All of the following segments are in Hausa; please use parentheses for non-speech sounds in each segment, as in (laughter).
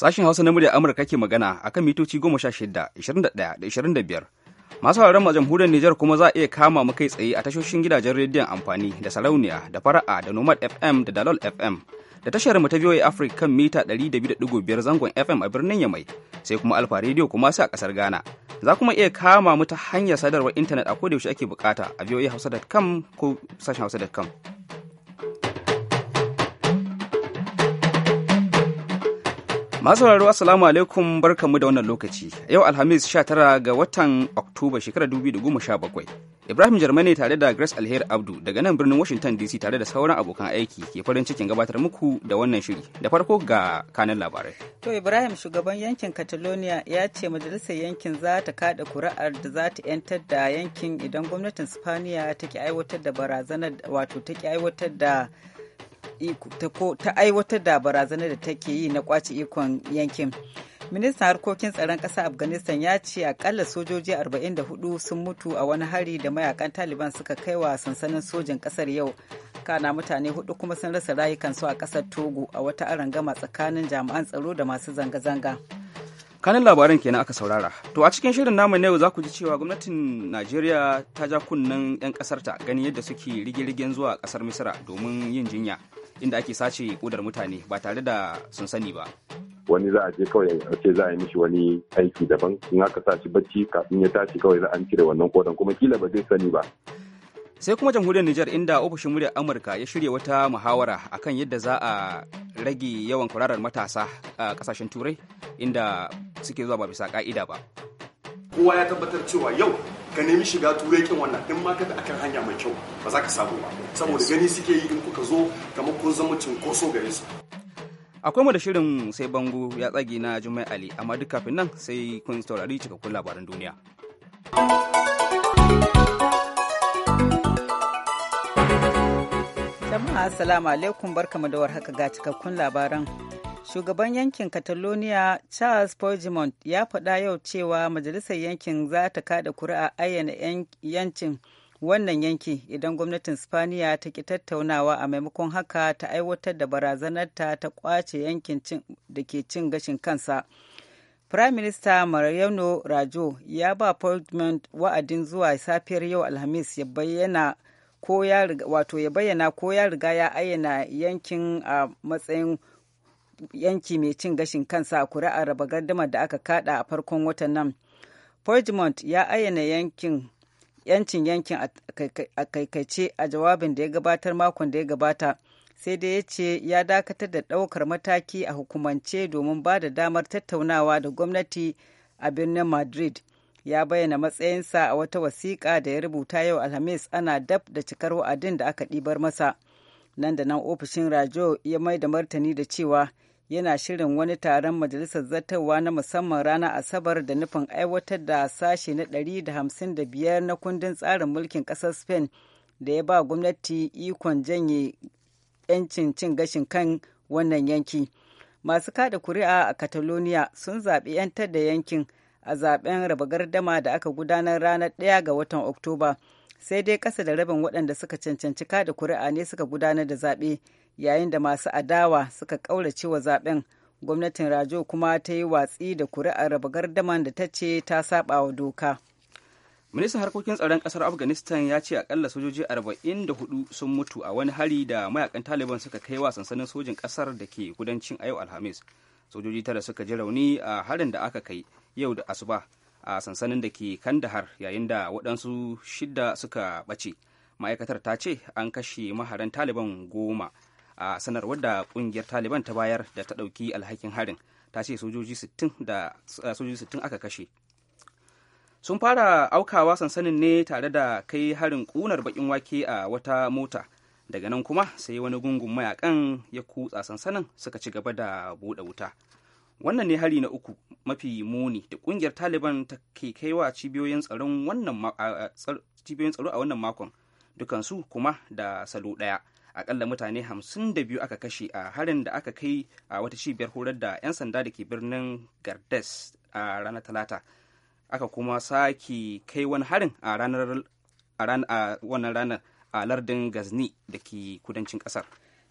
Sashen Hausa na muryar Amurka ke magana a kan mitoci 16, 21 da 25. Masu sauraron a jamhuriyar Nijar kuma za a iya kama mu kai tsaye a tashoshin gidajen rediyon amfani da sarauniya da fara'a da Nomad FM da Dalol FM da tashar mu ta biyoyi Africa kan mita 200.5 zangon FM a birnin Yamai sai kuma Alfa Radio kuma sai a kasar Ghana. Za kuma iya kama mu ta hanyar sadarwar intanet a kodayaushe ake bukata a hausa.com ko sashen hausa.com. Masu sauraro Assalamu alaikum barkamu da wannan lokaci. Yau Alhamis 19 ga watan Oktoba shekarar 2017. Ibrahim Jarmani tare da Grace Alheri Abdu daga nan birnin Washington DC tare da sauran abokan aiki ke farin cikin gabatar muku da wannan shiri. Da farko ga kanan labarai. To Ibrahim shugaban yankin Catalonia ya ce majalisar yankin za ta kada kuri'ar da za ta yantar da yankin idan gwamnatin Spaniya ta ki aiwatar da barazanar wato ta ki aiwatar da ta aiwatar da barazanar da take yi na kwace ikon yankin ministan harkokin tsaron ƙasa afghanistan ya ce akalla sojoji 44 sun mutu a wani hari da mayakan taliban suka kai wa sansanin sojin ƙasar yau kana mutane hudu kuma sun rasa rayukansu a ƙasar togo a wata arangama tsakanin jami'an tsaro da masu zanga-zanga kanin labaran kenan aka saurara to a cikin shirin namu na yau za ku ji cewa gwamnatin najeriya ta ja kunnen 'yan ƙasarta gani yadda suke rige-rigen zuwa kasar misira domin yin jinya inda ake sace kodar mutane ba tare da sun sani ba wani za a je kawai a ce za a yi mishi wani aiki daban in aka sa shi bacci kafin ya tashi kawai za an cire wannan kodan kuma kila ba zai sani ba sai kuma jamhuriyar Nijar inda ofishin muryar Amurka ya shirya wata muhawara akan yadda za a rage yawan kurarar matasa a kasashen turai inda suke zuwa ba bisa ka'ida ba kowa ya tabbatar cewa yau ka nemi shiga turai kin wannan din ma kada akan hanya mai kyau ba za ka samu ba saboda gani suke yi in kuka zo kamar kun zama cinkoso gare su akwai mu da shirin sai bango ya tsage na jumai ali amma duk kafin nan sai kun saurari cikakkun labaran duniya jama'a assalamu alaikum barkamu da haka ga cikakkun labaran shugaban yankin catalonia charles puigdemont ya faɗa yau cewa majalisar yankin za ta kada kuri'a ayyana yancin wannan yanki idan gwamnatin spaniya ta ki tattaunawa a maimakon haka ta aiwatar da barazanarta ta kwace yankin da ke cin gashin kansa prime minister mariano rajo ya ba puigdemont wa'adin zuwa safiyar yau alhamis wato ya bayyana ko ya riga ya ayyana yankin a matsayin yanki mai cin gashin kansa a kuri'ar raba gardamar da aka kada a farkon watan nan Portmont ya ayyana yankin yancin yankin a kaikaice a jawabin da ya gabatar makon da ya gabata sai dai ya ce ya dakatar da ɗaukar mataki a hukumance domin ba da damar tattaunawa da gwamnati a birnin madrid ya bayyana matsayinsa a wata wasiƙa da ya rubuta yau alhamis ana dab da cikar wa'adin da aka ɗibar masa nan da nan ofishin rajo ya mai da martani da cewa yana shirin wani taron majalisar zartarwa na musamman ranar asabar da nufin aiwatar da sashe na 155 na kundin tsarin mulkin ƙasar spain da ya ba gwamnati ikon janye 'yancin cin gashin kan wannan yanki masu kada kuri'a a catalonia sun zaɓi 'yantar da yankin a zaɓen raba gardama da aka gudanar ranar ɗaya ga watan oktoba sai dai ƙasa da rabin waɗanda suka cancanci kada kuri'a ne suka gudanar da zaɓe yayin da masu adawa suka ƙaurace wa zaben gwamnatin rajo kuma ta yi watsi da kuri'ar raba gardaman da ta ce ta saba wa doka ministan harkokin tsaron kasar afghanistan ya ce akalla sojoji 44 sun mutu a wani hari da mayakan taliban suka kai wa sansanin sojin kasar da ke kudancin ayo alhamis sojoji tara suka ji rauni a harin da aka kai yau da asuba a sansanin da ke kandahar yayin da waɗansu shida suka ɓace ma'aikatar ta ce an kashe maharan taliban goma a sanarwar da kungiyar taliban ta bayar da ta ɗauki alhakin harin ta ce sojoji 60 aka kashe sun fara aukawa sansanin ne tare da kai harin kunar bakin wake a wata mota daga nan kuma sai wani gungun mayakan ya kutsa sansanin suka ci gaba da buɗe wuta wannan ne hari na uku mafi muni da kungiyar taliban ta ke kaiwa cibiyoyin tsaro a wannan makon dukansu kuma da salo ɗaya akalla mutane 52 aka kashe a harin da aka kai a wata cibiyar horar da 'yan sanda da ke birnin gardes a ranar talata aka kuma sake kai wani harin a ranar a wannan ranar a lardin gazni da ke kudancin kasar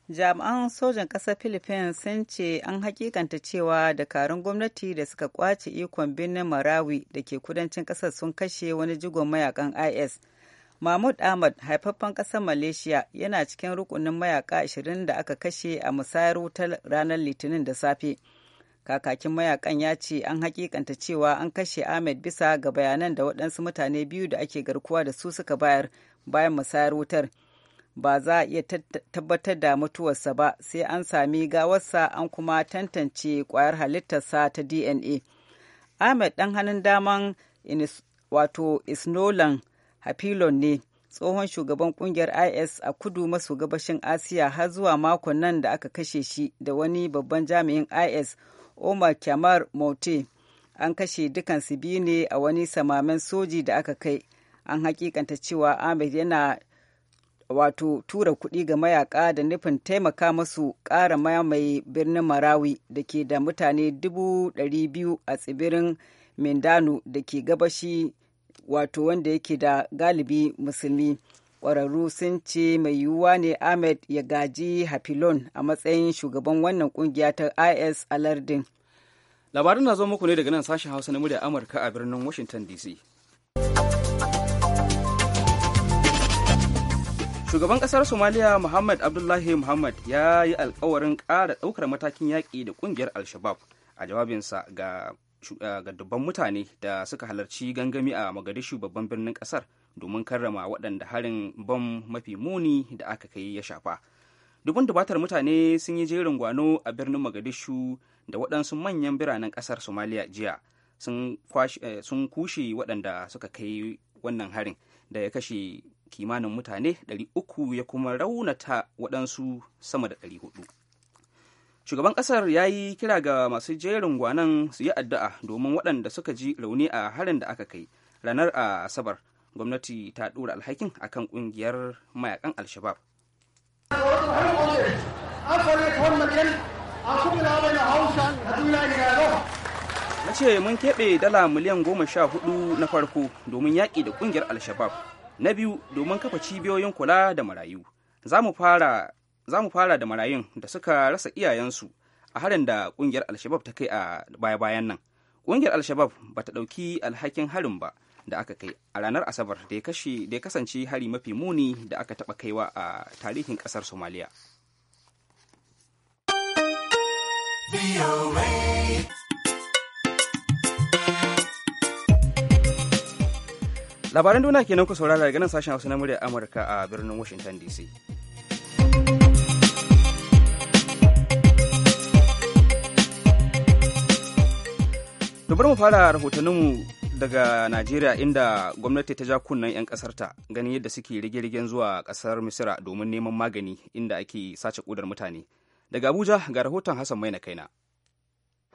jami'an sojan kasar philippines sun ce an hakikanta cewa dakarun gwamnati da suka kwace ikon birnin marawi da ke kudancin kasar sun kashe wani jigon mayakan is mahmud ahmad haifaffen ƙasar malaysia yana cikin rukunin mayaka 20 da aka kashe a musayar wutar ranar litinin da safe kakakin mayakan ya ce an hakikanta cewa an kashe ahmed bisa ga bayanan da waɗansu mutane biyu da ake garkuwa da su suka bayar bayan musayar wutar ba za a iya tabbatar da mutuwarsa ba sai an sami gawarsa an kuma tantance kwayar halittarsa ta dna ahmed ɗan hannun daman wato isnolan hafilon ne tsohon shugaban kungiyar is a kudu maso gabashin asiya har zuwa makon nan da aka kashe shi da wani babban jami'in is omar kyamar maute an kashe dukansu biyu ne a wani samamen soji da aka kai an hakikanta cewa ahmed yana wato tura kuɗi ga mayaka da nufin taimaka masu ƙara mamaye birnin marawi da ke da mutane dubu ɗari a tsibirin mindano da ke gabashi wato wanda yake da galibi musulmi ƙwararru sun ce mai yiwuwa ne ahmed ya gaji hafilon a matsayin shugaban wannan kungiya ta is a Lardin. labarin na zo muku ne daga nan sashen hausa na murya amurka a birnin washington dc shugaban ƙasar somaliya muhammad abdullahi muhammad ya yi alkawarin ƙara ɗaukar matakin yaƙi da ƙungiyar al-shabab a jawabinsa ga Eh, ga dubban mutane da suka halarci gangami a Mogadishu babban birnin kasar domin karrama waɗanda harin bom mafi muni da aka kai ya shafa. Dubun dubatar mutane sun yi jerin gwano a birnin Mogadishu da waɗansu manyan biranen ƙasar Somalia jiya sun eh, kushe waɗanda suka kai wannan harin da ya kashe kimanin mutane 300 ya kuma raunata waɗansu sama da 400. shugaban kasar ya yi kira ga masu jerin gwanan su yi addu'a domin waɗanda suka ji rauni a harin da aka kai ranar a asabar gwamnati ta ɗora alhakin a kan ƙungiyar mayakan alshabab na ce mun keɓe dala miliyan goma sha hudu na farko domin yaƙi da ƙungiyar alshabab na biyu domin kafa cibiyoyin kula da marayu za mu fara za mu fara da marayun da suka rasa iyayensu a harin da kungiyar alshabab ta kai a baya-bayan nan kungiyar alshabab ba ta ɗauki alhakin harin ba da aka kai a ranar asabar da ya kasance hari mafi muni da aka taɓa kaiwa a tarihin ƙasar somaliya labaran duniya kenan ku saurara daga nan sashen hausa na murya amurka a birnin washington dc To bari mu fara rahotanninmu daga Najeriya inda gwamnati ta ja kunnen 'yan ƙasarta ganin yadda suke rige-rigen zuwa ƙasar Misira domin neman magani inda ake sace ƙudar mutane. Daga Abuja ga rahoton Hassan Maina kaina.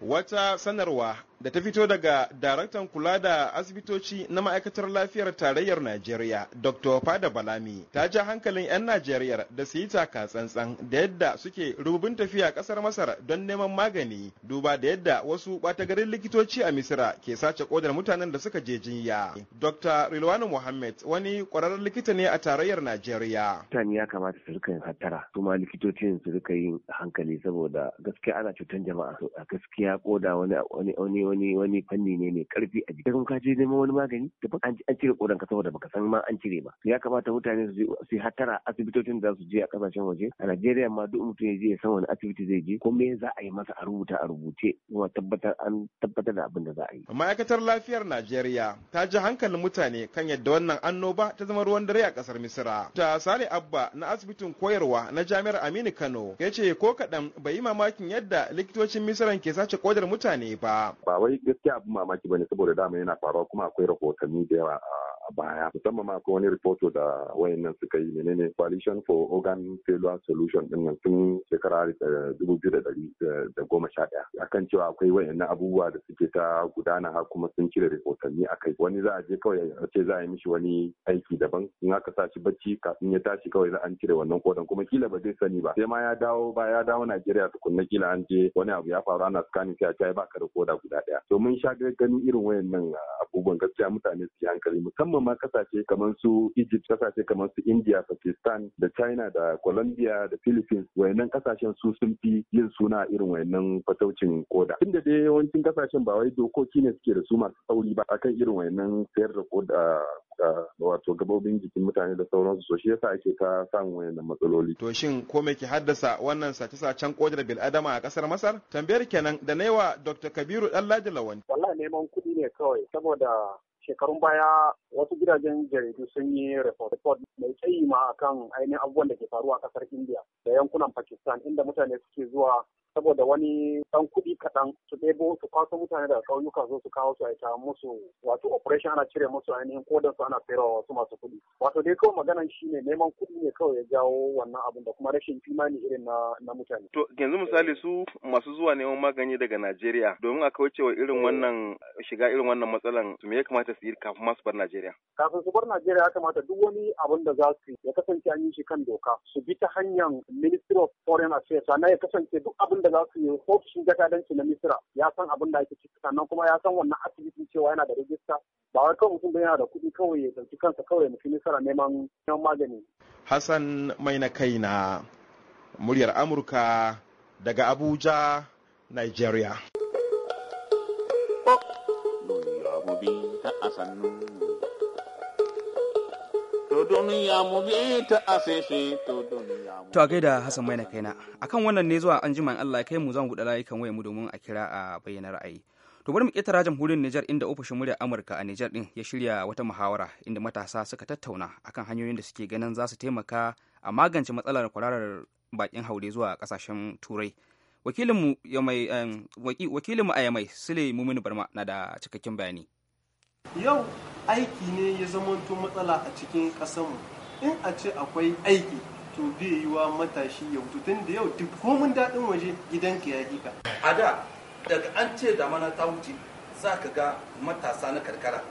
Wata sanarwa da ta fito daga daraktan kula da asibitoci na ma'aikatar lafiyar tarayyar Najeriya, Dr. Fada Balami, ta ja hankalin 'yan Najeriya da su yi taka tsantsan da yadda suke rububin tafiya kasar Masar don neman magani, duba da yadda wasu garin likitoci a Misira ke sace kodar mutanen da suka je jinya. Dr. Rilwanu Mohammed wani ƙwararren likita ne a tarayyar Najeriya. Mutane ya kamata su rika yin hattara, kuma likitocin su rika yin hankali saboda gaskiya ana cutar jama'a. Gaskiya koda wani wani wani wani fanni ne mai karfi a jiki kun ka je neman wani magani da ba an cire kodan ka saboda baka san ma an cire ba ya kamata mutane su su hatara asibitocin da su je a kasashen waje a Najeriya ma duk mutum ya je ya san wani asibiti zai je ko me za a yi masa a rubuta a rubuce kuma tabbatar an tabbatar da abin da za a yi ma'aikatar lafiyar Najeriya ta ji hankalin mutane kan yadda wannan annoba ta zama ruwan dare a kasar Misira ta Sale Abba na asibitin koyarwa na Jami'ar Aminu Kano ya ce ko kaɗan bai yi mamakin yadda likitocin Misiran ke sace kodar mutane ba ba ba wai gaskiya abin mamaki bane saboda dama yana faruwa kuma akwai rahotanni da yawa a a baya musamman ma ko wani rahoto da wayannan suka yi menene coalition for organ failure solution din nan tun shekara dubu biyu da goma sha ɗaya akan cewa akwai wayannan abubuwa da suke ta gudana har kuma sun cire rahotanni a kai wani za a je kawai a ce za a yi mishi wani aiki daban in aka sa shi bacci kafin ya tashi kawai za an cire wannan kodan kuma kila ba zai sani ba sai ma ya dawo ba ya dawo Najeriya tukunna kila an je wani abu ya faru ana scanning sai a ce ba ka da koda guda ɗaya to mun sha ganin irin wayannan abubuwan gaskiya mutane su yi hankali musamman musamman ma kasashe kamar su Egypt kasashe kamar su India Pakistan da China da Colombia da Philippines wayannan kasashen su sun fi yin suna irin wayannan fataucin koda tunda dai yawancin kasashen ba wai dokoki ne suke da su masu tsauri ba akan irin wayannan sayar da koda wato gabobin jikin mutane da sauransu so shi yasa ake ta samun wayannan matsaloli. To shin ko me ke haddasa wannan sace-sacen kodar adama a kasar Masar? Tambayar kenan da na Dr. Kabiru Ɗanladi Lawan. Wallahi neman kuɗi ne kawai saboda shekarun baya wasu gidajen jaridu sun yi report mai tsayi ma akan ainihin abubuwan da ke faruwa a kasar India da yankunan Pakistan inda mutane suke zuwa saboda wani dan kuɗi kaɗan su ɗebo su kwaso mutane daga ƙauyuka zo su kawo su a ita musu wato operation ana cire musu ainihin kodan su ana fera wasu masu kuɗi wato dai kawai maganan shi ne neman kuɗi ne kawai ya jawo wannan abin da kuma rashin imani irin na, na mutane. To yanzu misali su masu zuwa neman magani daga Najeriya domin a kawai cewa irin eh. wannan shiga irin wannan matsalan su me ya kamata su yi kafin masu bar Najeriya? Kafin su bar Najeriya ya kamata duk wani abin da za su ya kasance an yi shi kan doka su bi ta hanyar Ministry of Foreign Affairs sannan ya kasance duk abin da za su yi ofishin jakadanci na misira ya san abin da ake ciki sannan kuma ya san wannan asibiti cewa yana da rijista ba wai kawai mutum yana da kuɗi kawai ya ɗauki kansa kawai mutum misira neman neman magani. hassan mai na kai na muryar amurka daga abuja nigeria. to a gaida Hassan mai na kaina akan wannan ne zuwa anjima Allah ya kai mu zan guda layukan wayar mu domin a kira a bayyana ra'ayi to bari mu ƙetara jamhuriyar Nijar inda ofishin murya Amurka a Nijar ɗin ya shirya wata muhawara inda matasa suka tattauna akan hanyoyin da suke ganin za su taimaka a magance matsalar kwararar bakin haure zuwa kasashen turai wakilinmu a yamai sule Muminu barma na da cikakken bayani yau aiki ne ya zamanto matsala a cikin ƙasarmu in a ce akwai aiki to bai yiwa matashi ya tun da yau duk komin daɗin waje gidanka ya hika a da daga an ce da mana ta wuce za ka ga matasa na karkara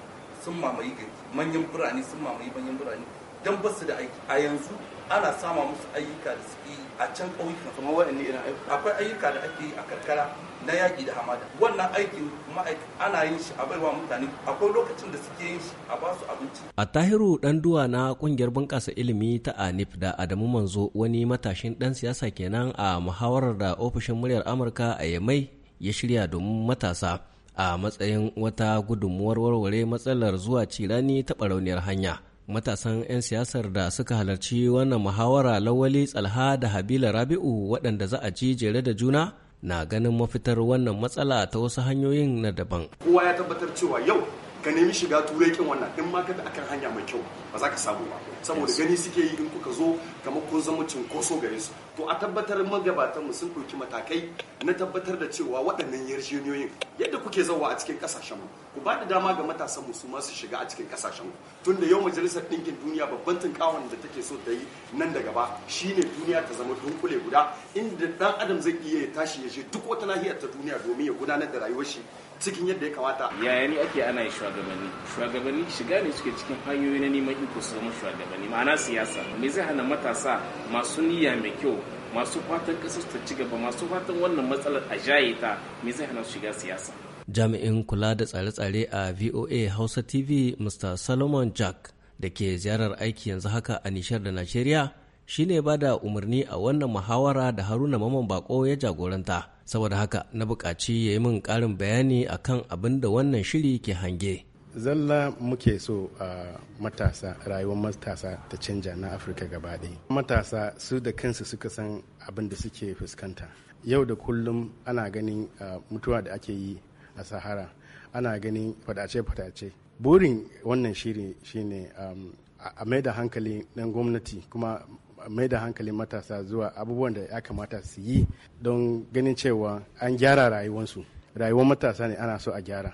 sun mamaye manyan birane sun mamaye manyan birane don ba su da aiki a yanzu ana sama musu ayyuka da su yi a can ƙauyukan kuma waɗanne irin ayyuka akwai ayyuka da ake yi a karkara na yaƙi da hamada wannan aikin ma'aikata ana yin shi a baiwa mutane akwai lokacin da suke yin shi a basu abinci a tahiru duwa na ƙungiyar bunƙasa ilimi ta anif da adamu manzo wani matashin ɗan siyasa kenan a muhawarar da ofishin muryar amurka a yamai ya shirya domin matasa a matsayin wata gudunmuwar warware matsalar zuwa cirani ta barauniyar hanya matasan 'yan siyasar da suka halarci wannan muhawara lawali tsalha da habila rabi'u waɗanda za a ci jere da juna na ganin mafitar wannan matsala ta wasu hanyoyin na daban kowa ya tabbatar cewa yau ka nemi shiga turai kin wannan ɗin ma kaga akan hanya mai kyau ba za ka samu ba saboda gani suke yi in kuka zo kamar kun zama cinkoso gare su to a tabbatar magabatanmu sun ɗauki matakai na tabbatar da cewa waɗannan yarjejeniyoyin yadda kuke zauwa a cikin ƙasashen mu ku ba da dama ga matasanmu su ma su shiga a cikin ƙasashen mu tun da yau majalisar ɗinkin duniya babban tunkawan da take so ta yi nan da gaba shine duniya ta zama dunkule guda inda dan adam zai iya ya tashi ya je duk wata nahiyar ta duniya domin ya gudanar da rayuwar shi cikin yadda ya kamata yaya ne ake ana shugabanni shugabanni shiga ne suke cikin hanyoyi na neman iko su zama shugabanni ma'ana siyasa me zai hana matasa masu niyya mai kyau masu fatan kasar ta ci gaba masu fatan wannan matsalar a jaye ta me zai hana su shiga siyasa jami'in kula da tsare-tsare a voa hausa tv mr solomon jack da ke ziyarar aiki yanzu haka a nishar da najeriya shine ba da umarni a wannan muhawara da haruna maman bako ya jagoranta saboda haka na buƙaci ya yi min ƙarin bayani a kan abin da wannan shiri ke hange zalla muke so a matasa rayuwar matasa ta canja na afirka gaba ɗaya matasa su da kansu suka san abin da suke fuskanta yau da kullum ana ganin mutuwa da ake yi a sahara ana ganin fadace-fadace burin wannan shiri shine um, a mai da hankali na gwamnati kuma mai da hankalin matasa zuwa abubuwan da ya kamata su yi don ganin cewa an gyara rayuwansu rayuwar matasa ne ana so a gyara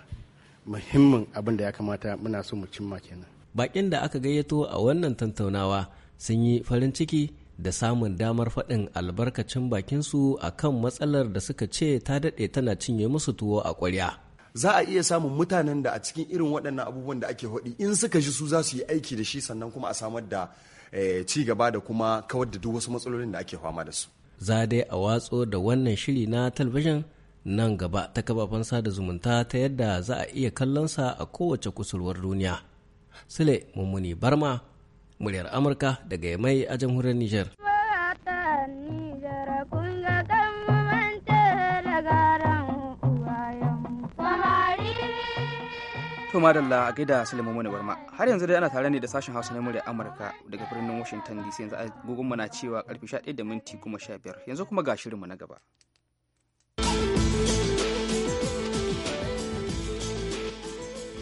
muhimmin abin da ya kamata muna so mu cimma kenan bakin da aka gayyato a wannan tattaunawa sun yi farin ciki da samun damar faɗin albarkacin bakinsu a kan matsalar da suka ce ta daɗe tana cinye musu tuwo a ƙwarya. za a iya samun mutanen da a cikin irin waɗannan abubuwan da ake haɗi in suka ji su za su yi aiki da shi sannan kuma a samar da Eh, ci gaba da kuma kawar da duk wasu matsalolin da ake fama da su. Za dai a watso da wannan shiri na talabijin nan gaba ta kafafen sada zumunta ta yadda za a iya kallon sa a kowace kusurwar duniya. Sule Mummuni Barma, muryar Amurka daga Yamai a jamhuriyar Nijar. To madalla a gaida Sulaiman Mani Barma. Har yanzu dai ana tare ne da sashen Hausa na murya Amurka daga birnin Washington DC yanzu a mu na cewa karfe 11 da minti 15. Yanzu kuma ga shirinmu na gaba.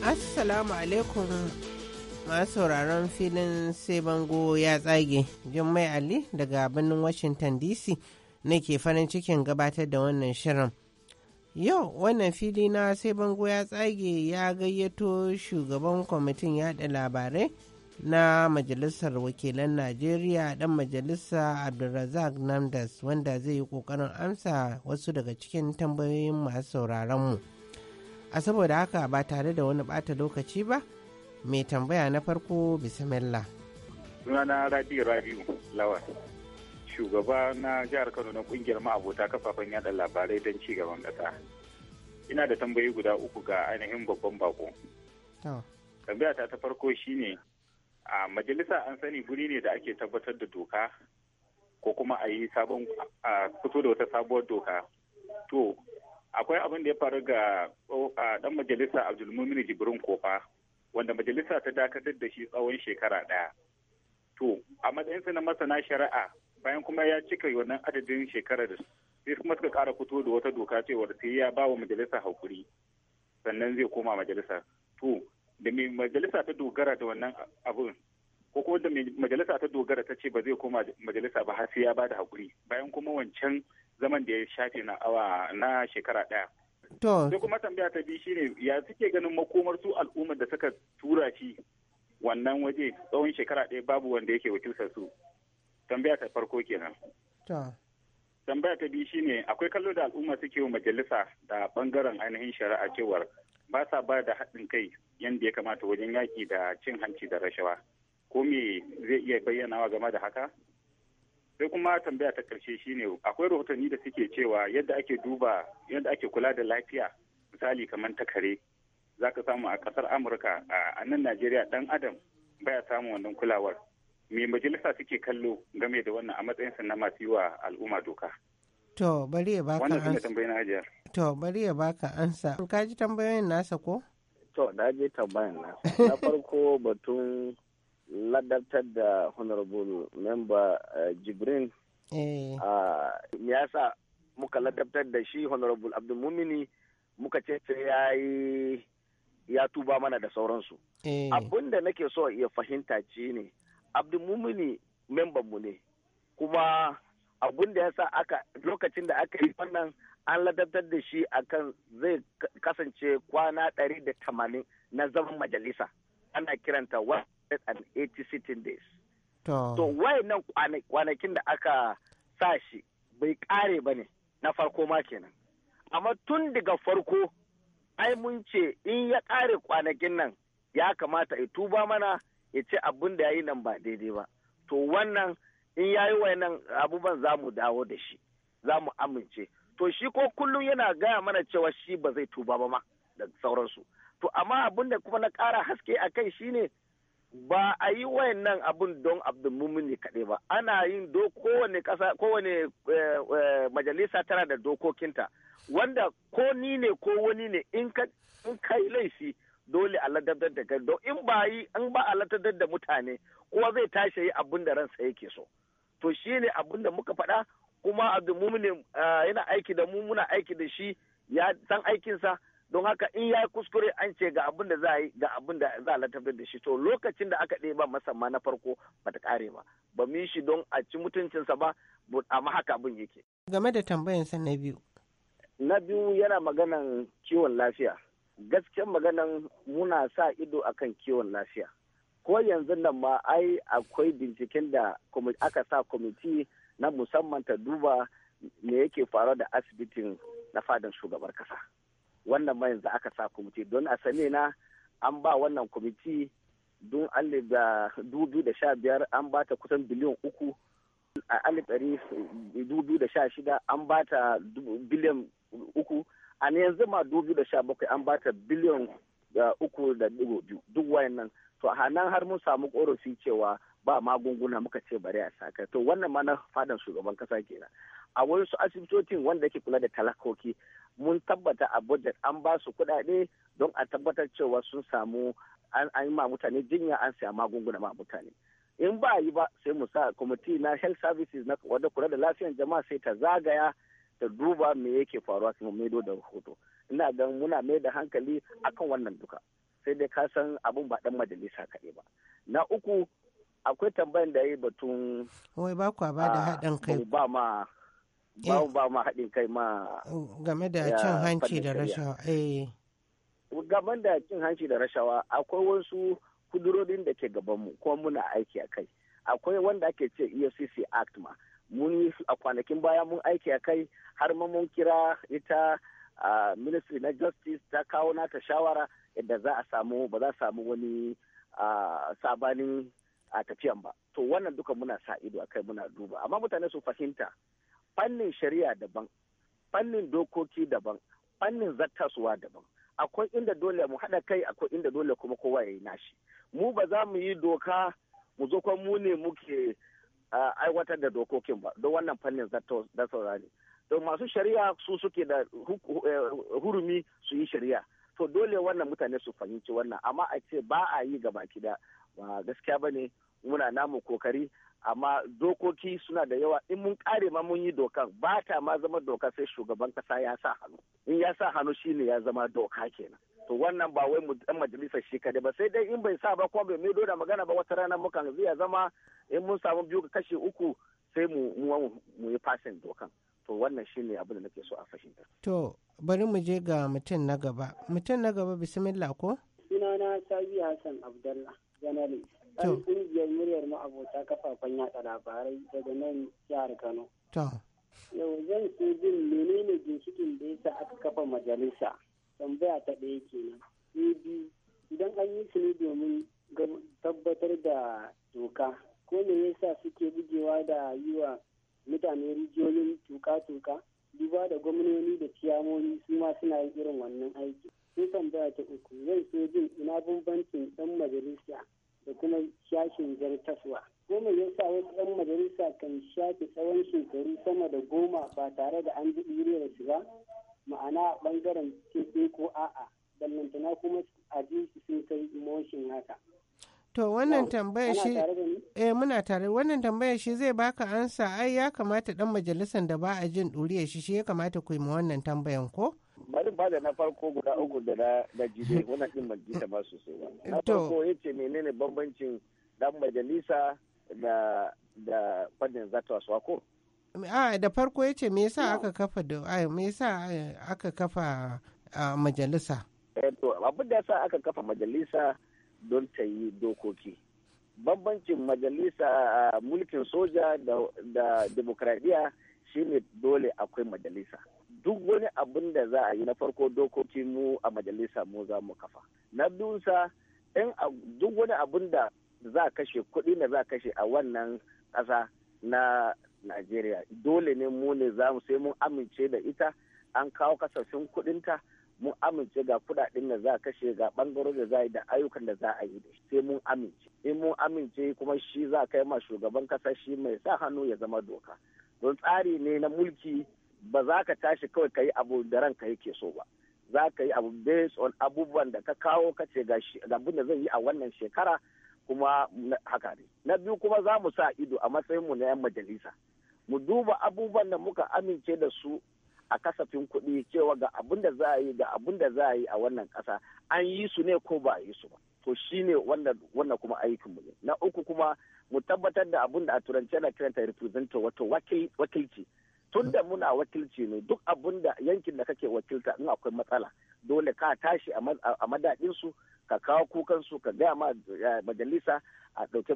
Assalamu alaikum masu sauraron filin sai bango ya tsage. Jummai Ali daga birnin Washington DC nake farin cikin gabatar da wannan shirin. Yau wannan fili na sai bango ya tsage ya gayyato shugaban kwamitin yada labarai na Majalisar Wakilan Najeriya dan majalisa Abdulrazak Namdas wanda zai yi kokarin amsa wasu daga cikin tambayoyin masu sauraronmu. A saboda haka ba tare da wani bata lokaci ba, mai tambaya na farko bismillah. Sunana Rabi shugaba na jihar Kano na kungiyar ma'abota kafafen yada labarai don ci gaban kasa. Ina da tambayi guda uku ga ainihin babban bako. Tambaya ta ta farko shine a majalisa an sani guri ne da ake tabbatar da doka ko kuma a yi sabon a fito da wata sabuwar doka. To akwai abin da ya faru ga dan majalisa Abdulmumin Jibrin Kofa wanda majalisa ta dakatar da shi tsawon shekara daya To, a matsayinsa na masana shari'a, bayan kuma ya cika wannan adadin shekarar sai kuma suka kara fito da wata doka cewa sai ya ba wa majalisa haƙuri sannan zai koma majalisa to da mai majalisa ta dogara da wannan abun ko kuma da majalisa ta dogara ta ce ba zai koma majalisa ba har sai ya ba da haƙuri bayan kuma wancan zaman da ya shafe na awa na shekara ɗaya. To. Sai kuma tambaya ta biyu shine ya suke ganin makomar su al'ummar da suka tura shi wannan waje tsawon shekara ɗaya babu wanda yake wakiltar su. tambaya ta farko kenan tambaya ta biyu shine akwai kallo da al'umma suke wa majalisa da bangaren ainihin shari'a cewar ba sa ba da haɗin kai yadda ya kamata wajen yaƙi da cin hanci da rashawa ko me zai iya bayyanawa game da haka sai kuma tambaya ta ƙarshe shine akwai rahotanni da suke cewa yadda ake duba yadda ake kula da lafiya misali kamar ta kare za ka samu a ƙasar amurka a nan najeriya ɗan adam baya samun wannan kulawar me majalisa suke kallo game da wannan a matsayinsa na masu yi wa al'umma doka to bari ya baka wannan sune tambayoyin to bari ya baka ansa ka ji tambayoyin nasa ko to da je tambayan nasa (laughs) na farko batun ladabtar da honorable member eh, jibrin eh. Ah, ya sa muka ladabtar da shi honorable Mumini muka ce sai ya yi ya tuba mana da sauransu eh. abin da nake so ya fahimta ci ne abdulmumini membanmu ne kuma abun da ya sa aka lokacin da aka yi wannan an ladabtar da shi akan zai kasance kwana ɗari da tamanin na zaman majalisa ana kiranta 180 sitting days to wai nan kwanakin da aka sa shi bai kare ba ne na farko ma kenan amma tun daga farko ai mun ce in ya kare kwanakin nan ya kamata ya tuba mana ya ce abin da ya yi nan ba daidai ba to wannan in ya yi nan abubuwan za mu dawo da shi za mu amince to shi ko kullum yana gaya mana cewa shi ba zai tuba ba ma da sauransu to amma abin da kuma na ƙara haske a kai shine ba a yi wayannan abin don mumin ne kaɗai ba ana yin kowane ƙasa eh, eh, majalisa tana da dokokinta wanda ko ni ne ko wani ne in ka yi laifi dole a ladabdar da kai in ba yi an ba a ladabdar da mutane kowa zai tashi yi abin da ransa yake so to shi ne abin da muka faɗa kuma abdulmumin yana aiki da mu muna aiki da shi ya san aikinsa don haka in ya yi kuskure an ce ga abin da za a yi ga abin da za a ladabdar da shi to lokacin da aka ɗeba masa ma na farko ba ta ƙare ba ba mu shi don a ci mutuncinsa ba amma haka abin yake game da tambayansa na biyu na biyu yana maganan kiwon lafiya gasken maganan muna sa ido akan kiwon lafiya ko yanzu nan ma ai akwai binciken da aka sa kwamiti na musamman ta duba me yake faruwa da asibitin na fadan shugabar kasa wannan ma yanzu aka sa kwamiti don a sane na an ba wannan kwamiti don alif da dubu da sha biyar an ba ta kusan biliyan uku a alif ɗari dubu da sha shida an ba ta biliyan uku a ne yanzu ma dubu da sha bakwai an bata biliyon uku da digo biyu duk wayannan to a nan har mun samu korafi cewa ba magunguna muka ce bari a saka to wannan ma na fadan shugaban kasa kenan a wasu asibitocin wanda ke kula da talakoki mun tabbata a budget an ba su kuɗaɗe don a tabbatar cewa sun samu an yi ma mutane jinya an siya magunguna ma mutane in ba yi ba sai mu sa kwamiti na health services na wadda kula da lafiyan jama'a sai ta zagaya da duba me yake faruwa su maido da rahoto ina ga muna mai da hankali akan wannan duka sai dai ka san abun ba dan majalisa kaɗai ba na uku akwai tambayan da ya yi batun wai ba kwa ba da ah, haɗin kai ba ma eh. ba ma haɗin kai ma game da cin hanci da rashawa eh game da cin hanci da rashawa akwai wasu kudurorin da ke gaban mu kuma muna aiki a kai akwai wanda ake ce efcc act ma mun yi a kwanakin baya mun aiki a kai har ma mun kira ita a ministry na justice ta kawo nata shawara yadda za a samu ba za a samu wani sabani a tafiyan ba to wannan duka muna sa ido akai muna duba amma mutane su fahimta fannin shari'a daban fannin dokoki daban fannin zattasuwa daban akwai inda dole mu haɗa kai akwai inda dole kuma kowa ya yi nashi mu ba za mu yi doka mu zo kwan mu ne muke aiwatar da dokokin ba don wannan fannin da saurari don masu shari'a su suke da eh, hurumi su yi shari'a to dole wannan mutane su fahimci wannan amma a ce ba a yi gaba kida ba gaskiya ba ne muna namu kokari amma dokoki suna da yawa in mun kare ma mun yi dokan ba ta ma zama doka sai shugaban kasa ya sa hannu in ya sa hannu shine ya zama doka kenan to wannan ba wai dan majalisar shi kadai ba sai dai in bai sa ba kuma bai mai da magana ba wata rana mukan zai zama in mun samu biyu ga kashi uku sai mu mu yi fasin dokan to wannan shine abin da nake so a fahimta to bari mu je ga mutum na gaba mutum na gaba bismillah ko sunana sabi hassan abdallah janali ɗan kungiyar muryar abota kafafen yaɗa labarai daga nan jihar kano yau zan so jin menene ginshikin da yasa aka kafa majalisa tambaya ta ɗaya kenan na biyu idan an yi su ne domin tabbatar da doka ko me yasa suke bugewa da yi wa mutane rijiyoyin tuka-tuka duba da gwamnoni da ciyamoni su ma suna yin irin wannan aiki sai tambaya ta uku zan so jin ina bambancin ɗan majalisa da kuma shashin zartaswa ko me yasa wasu ɗan majalisa kan shafe tsawon shekaru sama da goma ba tare da an ji su ba ma'ana bangaren ke ko a'a ballantana kuma a ji sun kai motion haka To wannan tambayar shi eh muna tare wannan tambayar shi zai baka ansa ai ya kamata dan majalisar da ba a jin ɗuriya shi shi ya kamata ku yi ma wannan tambayan ko? Bari ba da na farko guda uku da na da jibe muna din majalisa ba sosai ba. Na farko yace menene bambancin dan majalisa da da fadin zata ko? a da farko ya ce me yasa aka kafa me yasa aka kafa majalisa eh, to abin da yasa aka kafa majalisa don ta yi dokoki bambancin majalisa mulkin soja da demokradiyya shine dole akwai majalisa duk wani abin da za a yi na farko dokoki mu a majalisa mu za mu kafa na biyunsa duk wani abin da za a kashe kuɗi da za a kashe a wannan ƙasa na Najeriya dole ne mu ne za mu sai mun amince da ita an kawo kasafin kuɗinta mun amince ga kuɗaɗen da za a kashe ga bangaro da za a yi da ayyukan da za a yi da sai mun amince in mun amince kuma shi za a kai ma shugaban kasa shi mai sa hannu ya zama doka don tsari ne na mulki ba za ka tashi kawai ka yi abu da ranka yake so ba za ka yi abu based on abubuwan da ka kawo ka ce ga abin da zai yi a wannan shekara kuma haka ne na biyu kuma za mu sa ido a matsayin mu na 'yan majalisa mu duba abubuwan da muka amince da su a kasafin kuɗi cewa ga abin da za a yi ga abin da za a yi a wannan ƙasa an yi su ne ko ba a yi su ba to shi ne wannan kuma aikinmu ne na uku kuma mu tabbatar da abin da a turance na kiranta representative wato wakilci tun da muna wakilci ne duk abin da yankin da kake wakilta in akwai matsala dole ka tashi a madadinsu su ka kawo kukan su ka gaya ma eh, majalisa a ɗauke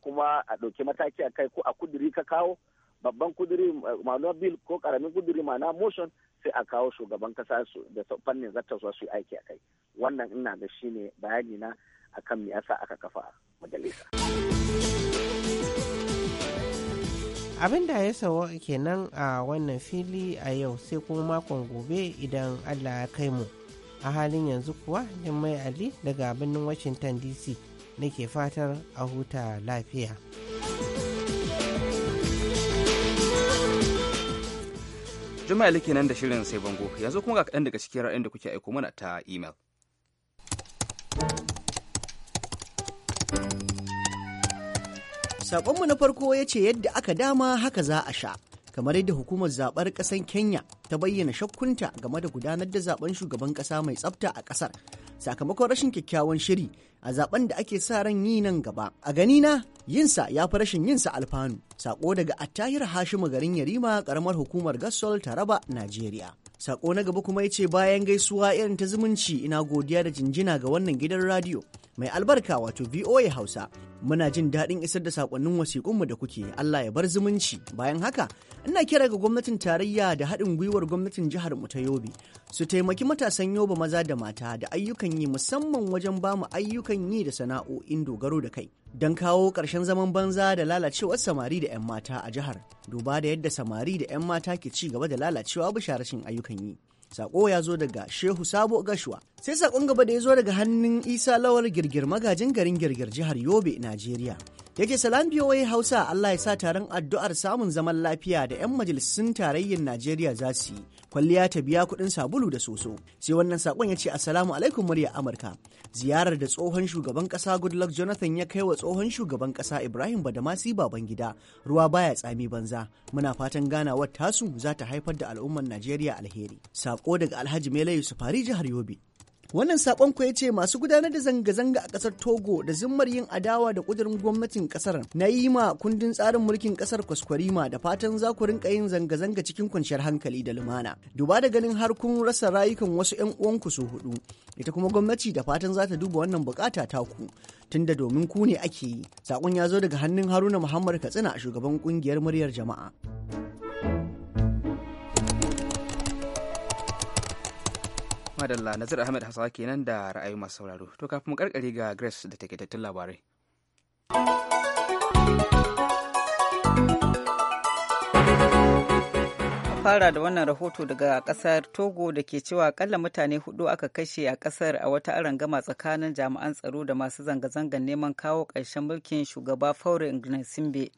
kuma a ɗauke mataki a kai ko a kuduri ka kawo babban kuduri eh, ma'ana bill ko karamin kuduri mana motion sai a kawo shugaban kasa su da fannin zartaswa su su aiki a kai wannan ina ga shine bayani na akan me yasa aka kafa majalisa abin da ya sawa kenan a wannan fili a yau sai kuma makon gobe idan allah ya kai mu a halin yanzu kuwa mai Ali daga birnin Washington DC nake fatar a huta lafiya. juma'a Ali nan da shirin sai bango yanzu kuma ga kaɗan daga cikin ra'ayin da kuke aiko mana ta email. Saƙonmu na farko ya ce yadda aka dama haka za a sha. kamar yadda hukumar zabar kasan kenya ta bayyana shakkunta game da gudanar da zaben shugaban kasa mai tsafta a kasar sakamakon rashin kyakkyawan shiri a zaben da ake sa ran yi nan gaba a ganina yinsa ya fi rashin yinsa alfanu sako daga attahir hashimu garin yarima karamar hukumar gasol taraba najeriya sako na gaba kuma ya ce bayan gaisuwa irin ta zumunci ina godiya da jinjina ga wannan gidan radiyo mai albarka wato VOA Hausa. Muna jin daɗin isar da sakonnin wasiƙunmu da kuke Allah ya bar zumunci. Bayan haka, ina kira ga gwamnatin tarayya da haɗin gwiwar gwamnatin jihar mu ta Yobe su taimaki matasan Yobe maza da mata da ayyukan yi musamman wajen bamu ayyukan yi da sana'o'in dogaro da kai. Don kawo ƙarshen zaman banza da lalacewar samari da 'yan mata a jihar, duba da yadda samari da 'yan mata ke ci gaba da lalacewa bisa rashin ayyukan yi. Sako ya zo daga Shehu Sabo Gashuwa. Sai sakon gaba da ya zo daga hannun Isa lawar Girgir magajin garin Girgir jihar Yobe, Najeriya. ya ce salam Hausa Allah ya sa taron addu'ar samun zaman lafiya da 'yan majalisun tarayyar Najeriya za su yi kwalliya ta biya kuɗin sabulu da soso sai wannan sakon ya ce assalamu alaikum murya Amurka ziyarar da tsohon shugaban ƙasa Goodluck Jonathan ya kai wa tsohon shugaban ƙasa Ibrahim Badamasi baban gida ruwa baya tsami banza muna fatan ganawar tasu za ta haifar da al'ummar Najeriya alheri Saƙo daga Alhaji Mele fari jihar Yobe Wannan sakon ku ya ce masu gudanar da zanga-zanga a kasar Togo da zimmar yin adawa da kudirin gwamnatin kasar na yi ma kundin tsarin mulkin kasar kwaskwarima da fatan za ku rinka yin zanga-zanga cikin kwanciyar hankali da lumana. Duba da ganin har kun rasa rayukan wasu 'yan uwanku su hudu. Ita kuma gwamnati da fatan za ta duba wannan bukata taku. Tunda domin ku ne ake yi. Sakon ya zo daga hannun Haruna Muhammad Katsina shugaban kungiyar muryar jama'a. madalla nazir ahmed hasawa kenan da ra'ayi masu sauraro to kafin mu karkare ga grace da takaitattun labarai fara da wannan rahoto daga kasar togo da ke cewa akalla mutane hudu aka kashe a kasar a wata arangama tsakanin jami'an tsaro da masu zanga-zangar neman kawo ƙarshen mulkin shugaba faure Simbe.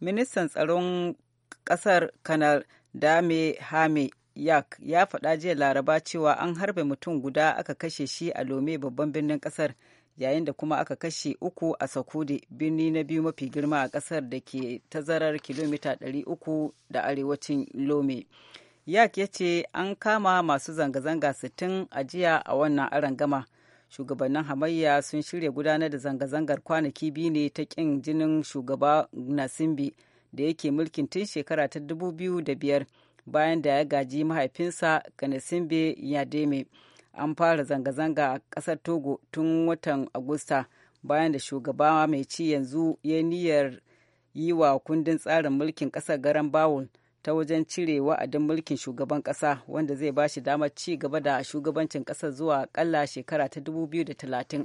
ministan tsaron kasar kanar dame hame Yak ya faɗa jiya Laraba cewa an harbe mutum guda aka kashe shi a Lome babban birnin ƙasar yayin da kuma aka kashe uku a Sakude birni na biyu mafi girma a ƙasar da ke tazarar kilomita 300 da arewacin Lome. Yak ya ce an kama masu zanga-zanga sittin a jiya a wannan aron gama Shugabannin hamayya sun shirya gudanar da zanga-zangar kwanaki biyu ne ta ƙin jinin shugaba Nasimbi da yake mulkin tun shekara ta dubu biyu da biyar. bayan da ya gaji mahaifinsa ya Yademe. An fara zanga-zanga a ƙasar Togo tun watan Agusta bayan da shugaba mai ci yanzu ya niyyar yi wa kundin tsarin mulkin ƙasar garan Bawul ta wajen cire wa'adin mulkin shugaban ƙasa wanda zai ba shi damar ci gaba da shugabancin ƙasar zuwa ƙalla shekara ta 2030.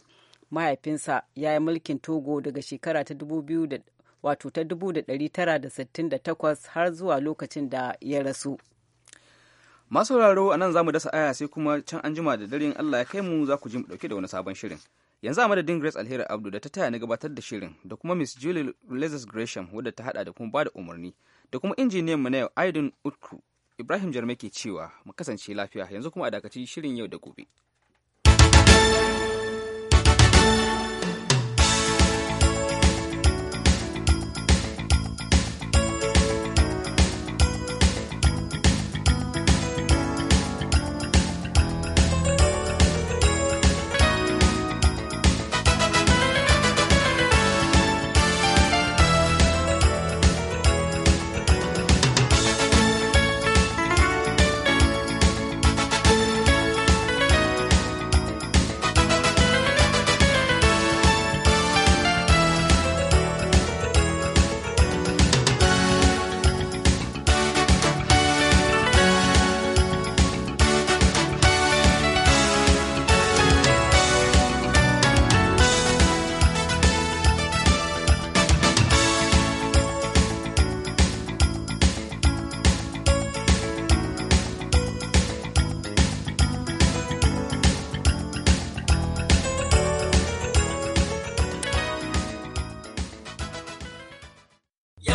mahaifinsa ya yi mulkin togo daga shekara ta wato ta 1968 har zuwa lokacin da ya rasu. Masu sauraro a nan za mu dasa aya sai kuma can an jima da daren Allah ya kai mu za ku ji mu dauke da wani sabon shirin. Yanzu a madadin Grace Alheri Abdu da ta taya na gabatar da shirin da kuma Miss Julie Lazarus Gresham wadda ta hada da kuma bada umarni da kuma injiniyan mu na yau Aidun Ibrahim Jarme ke cewa mu kasance lafiya yanzu kuma a dakaci shirin yau da gobe.